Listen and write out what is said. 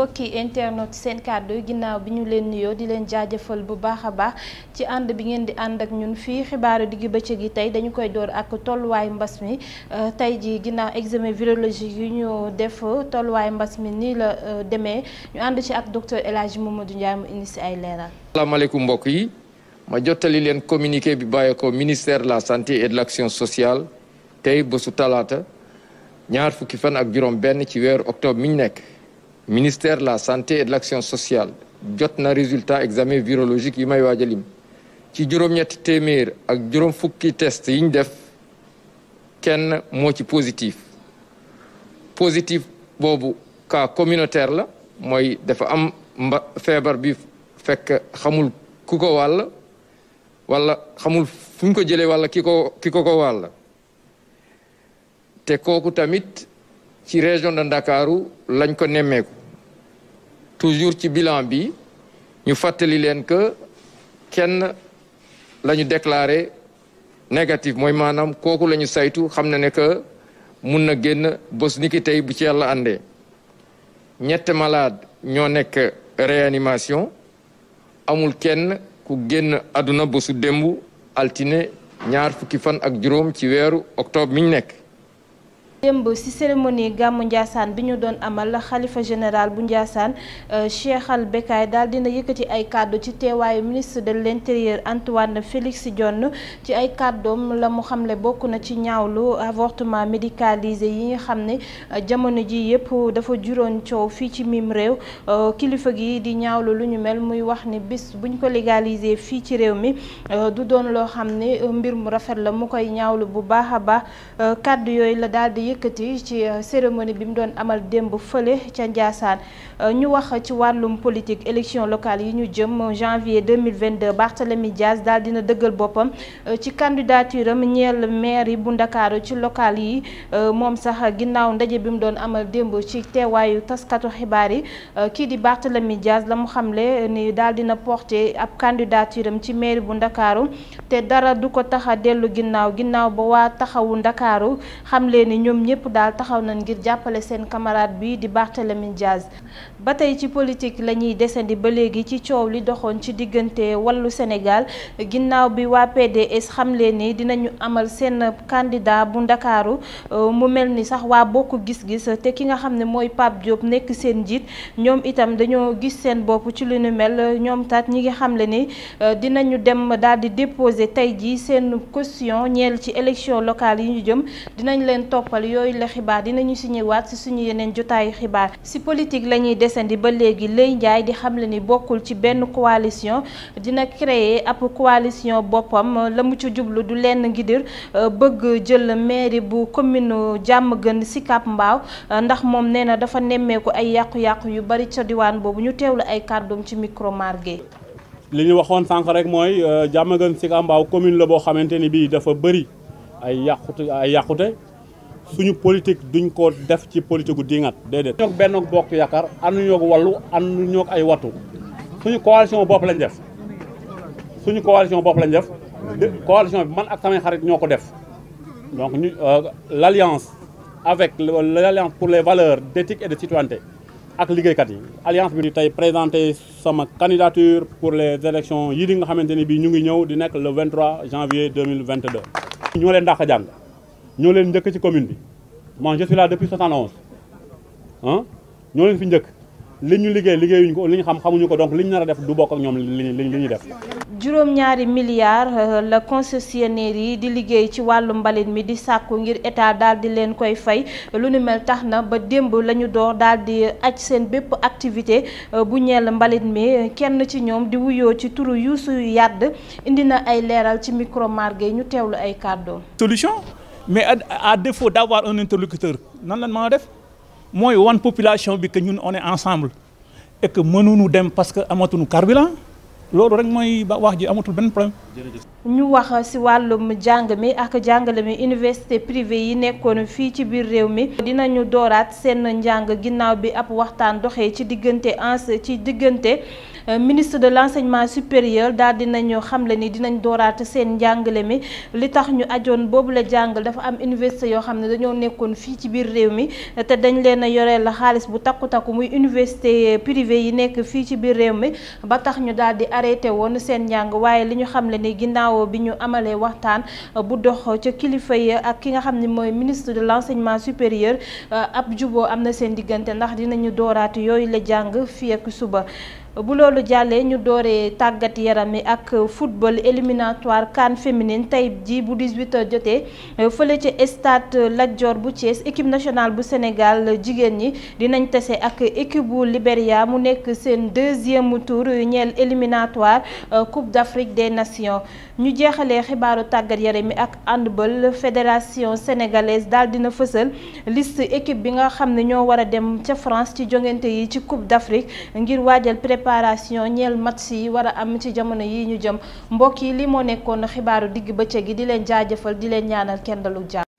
mbokki internet seen kàddu ginnaaw bi ñu leen nuyoo di leen jaajëfal bu baax a baax ci ànd bi ngeen di ànd ak ñun fii xibaaru digg bëccëg yi tey dañu koy door ak tolluwaay mbas mi euh, tey ji ginnaaw examen virologique yu ñu def tolluwaay mbas mi nii la euh, demee ñu ànd ci ak docteur El Hadji Mamadou Ndiaye mu indi si ay leeral. salaamaaleykum mbokk yi ma jottali leen communiqué bi bàyyi ko ministère la santé et de l'action sociale tey bésu talaata ñaar fukki fan ak juróom benn ci weeru octobre mi ñu nekk. ministère la santé de l'action sociale jot na résultat examen virologique yi may waaj a ci juróom-ñetti téeméer ak juróom fukki test yi ñu def kenn moo ci positif positif boobu ka communautaire la mooy dafa am mba feebar bi fekk xamul ku ko wàll wala xamul fu ko jëlee wala ki ko ki ko ko wàll te kooku tamit ci région de Ndakaaru lañ ko nemmeeku toujours ci bilan bi ñu fàttali leen que kenn la ñu déclaré négatif mooy maanaam kooku la ñu saytu xam na ne que mun na génn bés ni tey bu ci yàlla àndee ñette malade ñoo nekk réanimation amul kenn ku génn àdduna bésu démb altine ñaar fukki fan ak juróom ci weeru octobre mi ñu nekk démb ci cérémonie gàmmu Ndiassane bi ñu doon amal xalifa général bu Ndiassane euh, Cheikh Al Becaye daal dina yëkkati ay kàddu ci teewaayu ministre de l'intérieur Antoine Félix Diome ci ay kàddoom la mu xamle bokk na ci ñaawlu avortement médicalisé yi nga xam ne euh, jamono ji yëpp dafa juróon coow fii ci mim réew euh, kilifa gi di ñaawlu lu ñu mel muy wax ni bis buñ ko légaliser fii ci réew mi du doon loo xam ne mbir mu rafet la mu koy ñaawlu bu baax a baax kàddu yooyu la yëkkati ci euh, cérémonie bi doon amal démb fële ca Ndiassane euh, ñu wax ci wàllum politique élection locale yi ñu jëm janvier 2022 Barthélemy Diaz daal dina dëggal boppam euh, ci candidature am ñeel maire bu Ndakaaru ci locale yi moom sax ginnaaw ndaje bi mu doon amal démb ci teewaayu taskatu xibaar yi kii di Barthélemy Diaz lamu mu xamle ni daal dina porter ab candidature am ci maire bu Ndakaaru te dara du ko tax dellu ginnaaw ginnaaw ba waa taxawu Ndakaaru xamle ni ñoom ñoom ñëpp daal taxaw na ngir jàppale seen camarade bi di Barthélémy Diaz ba tey ci politique la ñuy desandi ba léegi ci coow li doxoon ci diggante wàllu Sénégal ginnaaw bi waa PDS xamle ni dinañu amal seen kandidaa bu ndakaaru euh, mu mel ni sax waa bokk gis-gis te ki nga xam ne mooy Pape Diop nekk seen njiit ñoom itam dañoo gis seen bopp ci lu nu mel ñoom taat ñi ngi xamle ni euh, dinañu dem daal di déposer tey jii seen caution ñeel ci élection locale yi ñu jëm dinañ yooyu la xibaar dinañu si ñëwaat si suñu yeneen jotaayu xibaar si politique la ñuy desandi ba léegi Leye Ndiaye di xamle ni bokkul ci benn coalition dina créer ab coalition boppam la mu ca jublu du lenn ngir euh, bëgg jël mairie bu jàmm Diamaguène Sicap Mbao euh, ndax moom nee na dafa nemmeeku ay yàqu-yàqu yu bari ca diwaan boobu ñu teewlu ay kàddoom ci micro margué li ñu waxoon sànq rek mooy Diamaguène euh, Sicap Mbao commune la boo xamante ni bii dafa bëri ay suñu politique duñ ko def ci politique gu diŋat déedéet. ñoo benn bokk yaakaar ànduñoo ko wàllu ànduñoo ko ay wattu suñu coalition bopp lañ def suñu coalition bopp lañ def coalition bi man ak samay xarit ñoo ko def donc ñu euh, l' alliance avec l' alliance pour les valeurs d' éthique et de citoyenneté ak liggéeykat yi. alliance bi tey présenté sama candidature pour les élections yi di nga xamante ni bii ñu ngi ñëw di nekk le 23 janvier 2022. ñoo leen dàq jàng. ñoo leen njëkk ci commune bi moo je suis là depuis ah ñoo leen fi njëkk li ñu liggéey liggéeyuñ ko li ñu xam xamuñu ko donc li ñu nar a def du bokk ñoom li li ñuy def. juróom-ñaari milliards euh, la concessionnaire yi di liggéey ci wàllu mbalit mi di sàkku ngir état daal di leen koy fay lu nu mel tax na ba démb la ñu door daal di aj seen bépp activité euh, bu ñeel mbalit mi kenn ci ñoom di wuyoo ci turu Youssou yàdd indi na ay leeral ci micro margué ñu teewlu ay kàddoom. mais à défaut d'avoir un interlocuteur nan lan mën a def mooy wan population bi que ñun one est ensemble et que mënuñu dem parce que amatuñu carburant loolu rek mooy ba wax ji amatul benn problème ñu wax ci wàllum jàng mi ak jàngale mi université privé yi nekkoon fii ci biir réew mi dinañu dooraat seen njàng ginnaaw bi ab waxtaan doxee ci diggante ans ci diggante euh, ministre de l'enseignement supérieur daal dinañu xamle ni dinañ dooraat seen njàngale mi li tax ñu ajoon boobu la jàngal dafa am université yoo xam ne dañoo nekkoon fii ci biir réew mi te dañ leen a yoreel xaalis bu takku takku muy université privé yi nekk fii ci biir réew mi ba tax ñu daal di arrêté woon seen njàng waaye ne ginnaaw bi ñu amalee waxtaan uh, bu dox ca kilifa yi ak ki nga xam ne mooy ministre de l'enseignement supérieur uh, ab juboo am na seen diggante ndax dinañu dooraat yooyu la jàng fii ak suba. bu loolu jàllee ñu dooree tàggat yaram yi ak football éliminatoire CAN féminine tey ji bu 18h jotee fële ca stade Lat Dior bu Thiès équipe nationale bu Sénégal jigéen ñi dinañ tase ak équipe bu liberia mu nekk seen deuxième tour ñeel éliminatoire euh, Coupe d'Afrique des Nations ñu jeexalee xibaaru tàggat yaram yi ak handball fédération sénégalaise daal dina fësal liste équipe bi nga xam ne ñoo war a dem ca France ci jongante yi ci Coupe d'Afrique ngir waajal préparation ñel match yi war a am ci jamono yi ñu jëm mbokk yi li moo nekkoon xibaaru digg bëccëg gi di leen jaajëfal di leen ñaanal kenn dalu jàmm